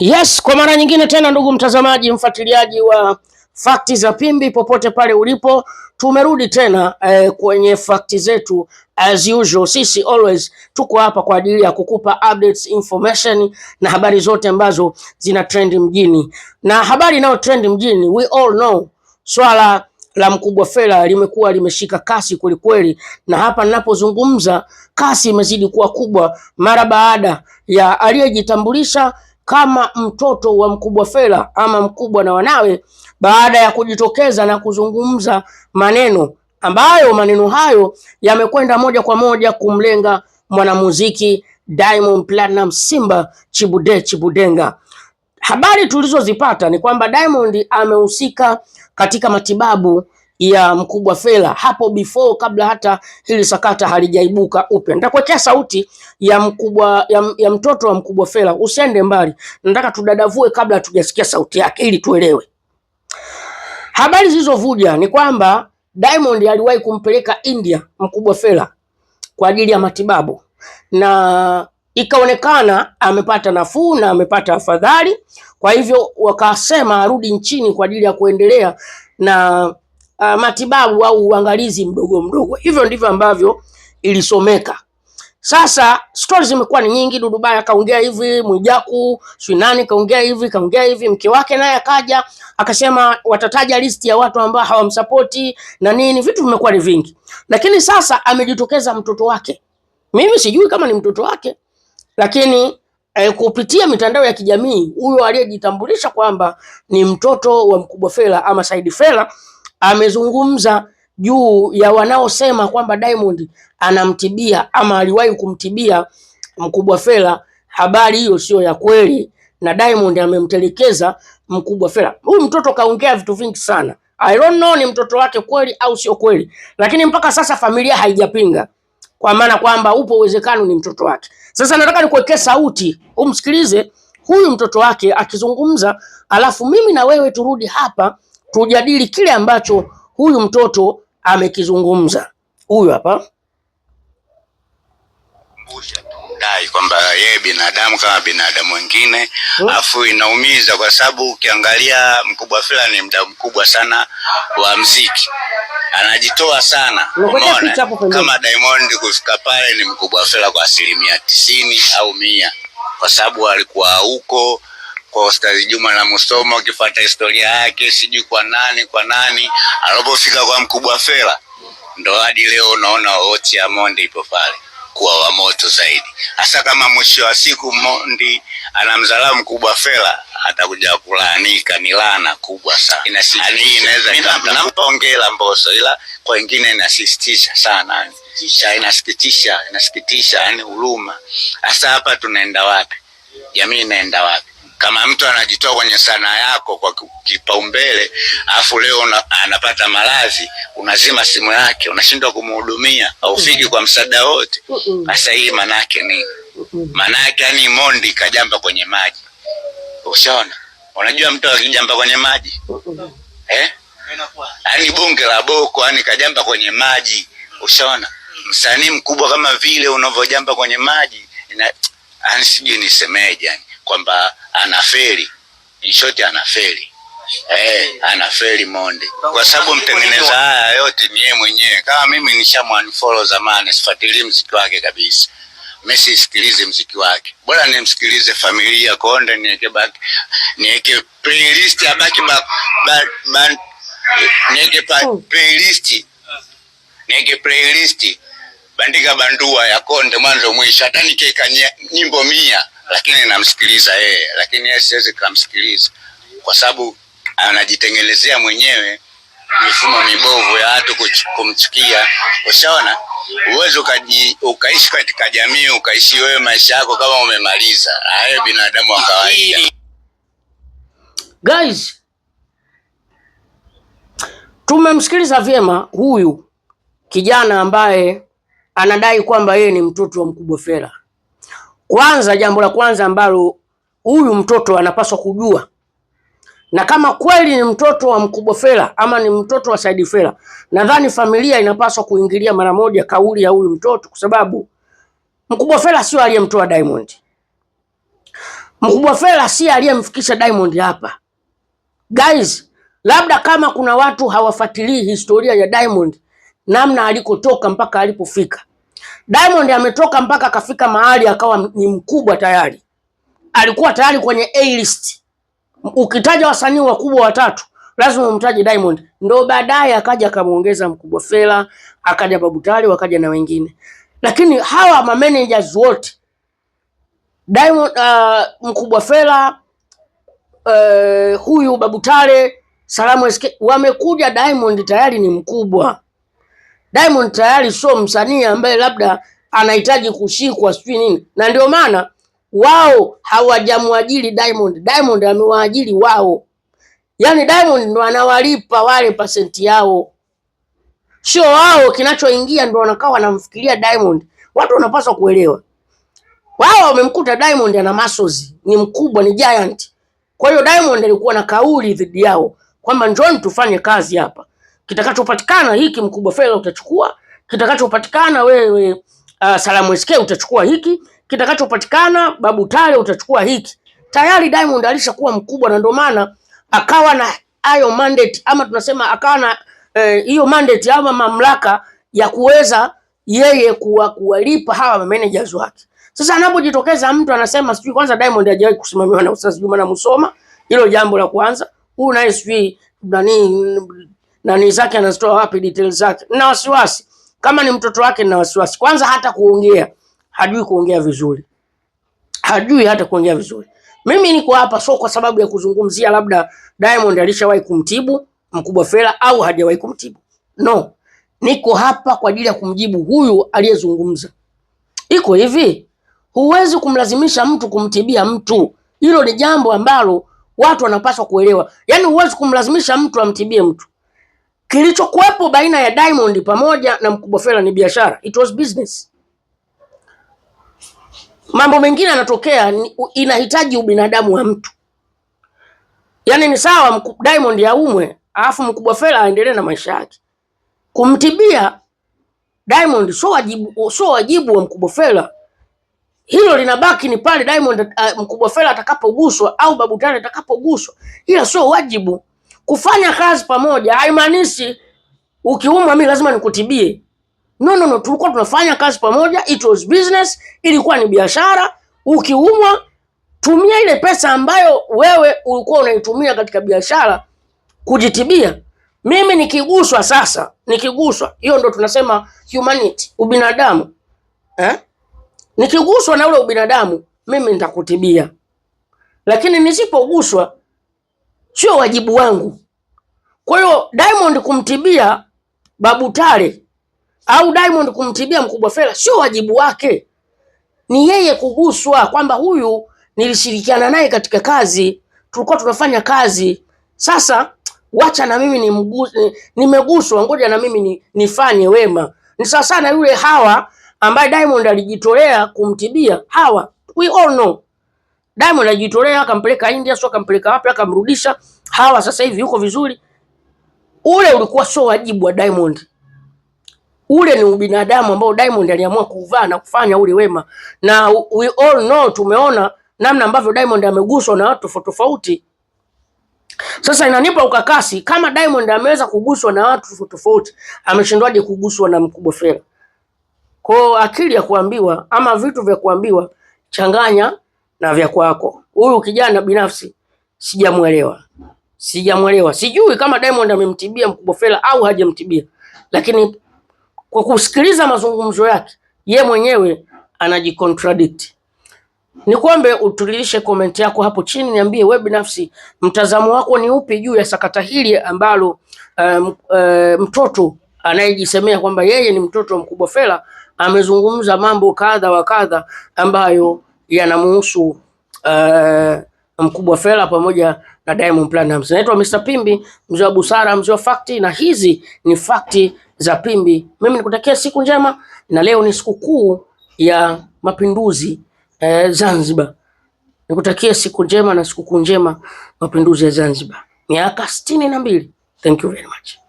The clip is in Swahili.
Yes, kwa mara nyingine tena, ndugu mtazamaji, mfuatiliaji wa fakti za Pimbi popote pale ulipo, tumerudi tena eh, kwenye fakti zetu as usual. Sisi always tuko hapa kwa ajili ya kukupa updates, information na habari zote ambazo zina trend mjini, na habari inayo trend mjini, we all know swala la Mkubwa Fella limekuwa limeshika kasi kwelikweli, na hapa ninapozungumza kasi imezidi kuwa kubwa mara baada ya aliyejitambulisha kama mtoto wa Mkubwa Fella ama Mkubwa na wanawe, baada ya kujitokeza na kuzungumza maneno ambayo maneno hayo yamekwenda moja kwa moja kumlenga mwanamuziki Diamond Platinum Simba Chibude Chibudenga. Habari tulizozipata ni kwamba Diamond amehusika katika matibabu ya mkubwa Fela hapo before, kabla hata hili sakata halijaibuka upya. Nitakuwekea sauti ya mkubwa ya, ya mtoto wa mkubwa Fela, usende mbali, nataka tudadavue kabla hatujasikia sauti yake ili tuelewe. Habari zilizovuja ni kwamba Diamond aliwahi kumpeleka India mkubwa Fela kwa ajili ya matibabu na ikaonekana amepata nafuu na amepata afadhali, kwa hivyo wakasema arudi nchini kwa ajili ya kuendelea na uh, matibabu au uangalizi mdogo mdogo. Hivyo ndivyo ambavyo ilisomeka. Sasa stories zimekuwa ni nyingi. Dudubaya kaongea hivi, Mwijaku si nani kaongea hivi, kaongea hivi. Mke wake naye akaja akasema watataja listi ya watu ambao hawamsapoti na nini. Vitu vimekuwa ni vingi, lakini sasa amejitokeza mtoto wake. Mimi sijui kama ni mtoto wake, lakini eh, kupitia mitandao ya kijamii huyo aliyejitambulisha kwamba ni mtoto wa Mkubwa Fela ama Said Fela amezungumza juu ya wanaosema kwamba Diamond anamtibia ama aliwahi kumtibia Mkubwa Fela. Habari hiyo sio ya kweli, na Diamond amemtelekeza Mkubwa Fela. Huyu mtoto kaongea vitu vingi sana. I don't know ni mtoto wake kweli au sio kweli, lakini mpaka sasa familia haijapinga, kwa maana kwamba upo uwezekano ni mtoto wake. Sasa nataka nikuwekee sauti umsikilize huyu mtoto wake akizungumza, alafu mimi na wewe turudi hapa tujadili kile ambacho huyu mtoto amekizungumza. Huyu hapa dai kwamba yeye binadamu kama binadamu wengine, hmm. alafu Afu inaumiza kwa sababu ukiangalia mkubwa fulani ni mdau mkubwa sana wa mziki anajitoa sana umeona, kama Diamond kufika pale ni mkubwa fela kwa asilimia tisini au mia, kwa sababu alikuwa huko kwa Ustadhi Juma na Musoma, ukifuata historia yake sijui kwa nani kwa nani, alipofika kwa mkubwa Fela ndo hadi leo unaona wote ya Mondi ipo pale kuwa wa moto zaidi, hasa kama mwisho wa siku Mondi anamdharau mkubwa Fela, atakuja kulaanika. Ni laana kubwa sana, Inaweza inawezaongela Mbosso, ila kwa wengine inasisitisha sana, inasikitisha, inasikitisha yani huruma. Hasa hapa tunaenda wapi? Jamii inaenda wapi? Kama mtu anajitoa kwenye sanaa yako kwa kipaumbele, afu leo una, anapata maradhi, unazima simu yake, unashindwa kumhudumia, haufiki kwa msaada wote. Sasa hii manake ni Manake yani mondi kajamba kwenye maji, ushaona? Unajua mtu akijamba kwenye maji eh? Yani bunge la boko, yani kajamba kwenye maji, ushaona? Msanii mkubwa kama vile unavyojamba kwenye maji, ani sijui nisemeje yani kwamba anafeli, inshoti short anafeli Eh, anafeli monde kwa sababu mtengeneza haya yote ni yeye mwenyewe. Kama mimi unfollow zamani, sifuatilii mziki wake kabisa, mimi sisikilize mziki wake, bora nimsikilize familia Konde, niweke baki niweke playlist ya baki ba, ba, ba, niweke playlist niweke playlist bandika bandua ya Konde mwanzo mwisho, hata nikaikanyia nyimbo mia lakini namsikiliza yeye, lakini yeye siwezi kumsikiliza kwa sababu anajitengenezea mwenyewe mifumo mibovu ya watu kumchukia. Ushaona, uweze ukaishi katika jamii ukaishi wewe maisha yako kama umemaliza, hayo binadamu wa kawaida. Guys, tumemsikiliza vyema huyu kijana ambaye anadai kwamba yeye ni mtoto wa Mkubwa Fella. Kwanza, jambo la kwanza ambalo huyu mtoto anapaswa kujua, na kama kweli ni mtoto wa mkubwa Fela ama ni mtoto wa Saidi Fela, nadhani familia inapaswa kuingilia mara moja kauli ya huyu mtoto, kwa sababu mkubwa Fela sio aliyemtoa Diamond. Mkubwa Fela si aliyemfikisha Diamond hapa. Guys, labda kama kuna watu hawafuatilii historia ya Diamond namna alikotoka mpaka alipofika Diamond ametoka mpaka akafika mahali akawa ni mkubwa tayari, alikuwa tayari kwenye A list. Ukitaja wasanii wakubwa watatu lazima umtaje Diamond, ndo baadaye akaja akamuongeza mkubwa Fela, akaja Babu Tale, wakaja na wengine, lakini hawa ma managers wote Diamond, uh, mkubwa Fela, uh, huyu Babu Tale, Salamu SK wamekuja Diamond tayari ni mkubwa Diamond tayari sio msanii ambaye labda anahitaji kushikwa sijui nini, na ndio maana wao hawajamwajiri Diamond. Diamond amewaajiri wao, yaani Diamond ndo anawalipa wale pasenti yao, sio wao. Kinachoingia ndo wanakaa wanamfikiria Diamond. Watu wanapaswa kuelewa, wao wamemkuta Diamond ana masozi, ni mkubwa, ni giant. Kwa hiyo Diamond alikuwa na kauli dhidi yao kwamba njoni tufanye kazi hapa kitakachopatikana hiki, mkubwa fedha utachukua kitakachopatikana wewe, uh, Salamu SK utachukua hiki, kitakachopatikana Babu Tale utachukua hiki. Tayari Diamond alishakuwa mkubwa, na ndio maana akawa na hayo mandate ama tunasema akawa na eh, hiyo eh, mandate ama mamlaka ya kuweza yeye kuwa kuwalipa hawa managers wake. Sasa anapojitokeza mtu anasema sijui, kwanza Diamond hajawahi kusimamiwa na Ustaz Juma na Musoma, hilo jambo la kwanza. Huyu naye sijui nani nani zake anazitoa wapi details zake. Na wasiwasi kama ni mtoto wake, na wasiwasi kwanza, hata kuongea hajui kuongea vizuri, hajui hata kuongea vizuri. Mimi niko hapa sio kwa sababu ya kuzungumzia labda Diamond alishawahi kumtibu mkubwa Fela au hajawahi kumtibu no, niko hapa kwa ajili ya kumjibu huyu aliyezungumza. Iko hivi, huwezi kumlazimisha mtu kumtibia mtu. Hilo ni jambo ambalo watu wanapaswa kuelewa, yaani huwezi kumlazimisha mtu amtibie mtu kilichokuwepo baina ya Diamond pamoja na Mkubwa Fella ni biashara, it was business. Mambo mengine yanatokea, inahitaji ubinadamu wa mtu. Yaani ni sawa Diamond yaumwe, alafu Mkubwa Fella aendelee na maisha yake. Kumtibia Diamond sio wajibu, sio wajibu wa Mkubwa Fella. Hilo linabaki ni pale Diamond, uh, Mkubwa Fella atakapoguswa au Babu Tani atakapoguswa, ila sio wajibu Kufanya kazi pamoja haimaanishi ukiumwa mimi lazima nikutibie. No, no, no, tulikuwa tunafanya kazi pamoja, it was business, ilikuwa ni biashara. Ukiumwa tumia ile pesa ambayo wewe ulikuwa unaitumia katika biashara kujitibia. Mimi nikiguswa sasa, nikiguswa, hiyo ndo tunasema humanity, ubinadamu eh? Nikiguswa na ule ubinadamu mimi nitakutibia, lakini nisipoguswa sio wajibu wangu. Kwa hiyo Diamond kumtibia Babu Tale au Diamond kumtibia Mkubwa Fela sio wajibu wake, ni yeye kuguswa kwamba huyu nilishirikiana naye katika kazi, tulikuwa tunafanya kazi, sasa wacha na mimi nimeguswa, ni ngoja na mimi ni, nifanye wema. Ni sawa sana yule Hawa ambaye Diamond alijitolea kumtibia Hawa, we all know Diamond anajitolea akampeleka India, sio akampeleka wapi, akamrudisha hawa, sasa hivi yuko vizuri. Ule ulikuwa sio wajibu wa Diamond, ule ni ubinadamu ambao Diamond aliamua kuvaa na kufanya ule wema, na we all know, tumeona namna ambavyo Diamond ameguswa na watu tofauti tofauti. Sasa inanipa ukakasi kama Diamond ameweza kuguswa na watu tofauti tofauti, ameshindwaje kuguswa na Mkubwa Fella? Kwa akili ya kuambiwa ama vitu vya kuambiwa, changanya na vya kwako. Huyu kijana binafsi sijamuelewa, sijamuelewa, sijui kama Diamond amemtibia Mkubwa Fella au hajamtibia, lakini kwa kusikiliza mazungumzo yake ye mwenyewe anajicontradict. Ni kuombe utulilishe komenti yako hapo chini, niambie wewe binafsi mtazamo wako ni upi juu ya sakata hili ambalo um, uh, mtoto anayejisemea kwamba yeye ni mtoto wa Mkubwa Fella amezungumza mambo kadha wa kadha ambayo anamuhusu uh, Mkubwa Fella pamoja na Diamond Platnumz. Naitwa Mr. Pimbi, mzee wa busara, mzee wa fakti, na hizi ni fakti za Pimbi. Mimi nikutakia siku njema, na leo ni sikukuu ya mapinduzi eh, Zanzibar. Nikutakia siku njema na sikukuu njema mapinduzi ya Zanzibar, miaka sitini na mbili. Thank you very much.